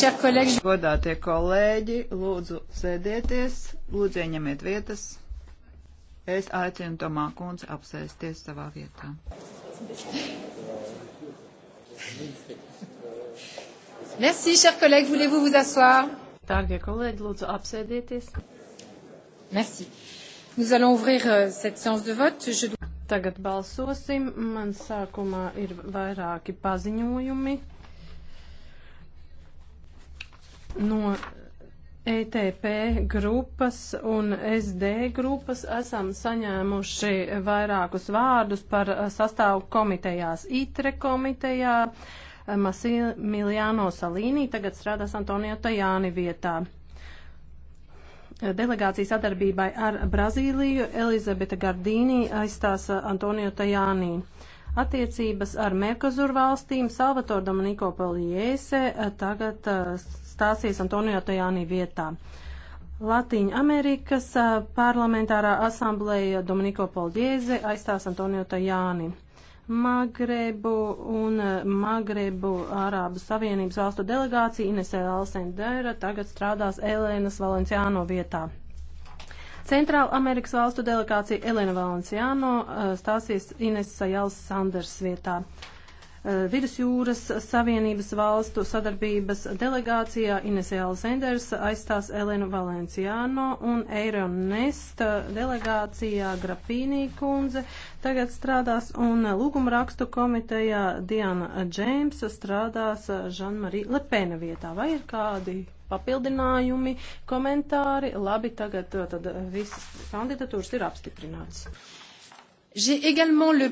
Godātie kolēģi, lūdzu sēdieties, lūdzu ieņemiet vietas. Es aicinu Tomā kundzi apsēsties savā vietā. Merci, chers collègues, voulez-vous vous asseoir? Dārgie kolēģi, lūdzu apsēdieties. Merci. Nous allons ouvrir euh, cette séance de vote. Je... Tagad balsosim. Man sākumā ir vairāki paziņojumi no ETP grupas un SD grupas esam saņēmuši vairākus vārdus par sastāvu komitejās. ITRE komitejā Masimiljāno Salīnī tagad strādās Antonio Tajāni vietā delegācija sadarbībai ar Brazīliju Elizabeta Gardīnī aizstās Antonio Tajānī. Attiecības ar Merkazur valstīm Salvador Dominiko Paljēse eh, tagad eh, stāsies Antonio Tajāni vietā. Latīņa Amerikas eh, parlamentārā asamblēja Dominiko Paldieze aizstās Antonio Tajāni. Magrebu un Magrebu Ārābu Savienības valstu delegācija Inesē Alsendēra tagad strādās Elēnas Valenciāno vietā. Centrāla Amerikas valstu delegācija Elena Valenciāno eh, stāsies Inesa Jāls Sanders vietā. Eh, Vidusjūras Savienības valstu sadarbības delegācijā Inesēla Zenders aizstās Elenu Valenciāno un Eironest delegācijā Grapīnī kundze tagad strādās un lūguma rakstu komitejā Diana Džēmsa strādās Žanmarī Lepena vietā. Vai ir kādi papildinājumi, komentāri? Labi, tagad eh, tad eh, visas kandidatūras ir apstiprināts. J'ai également le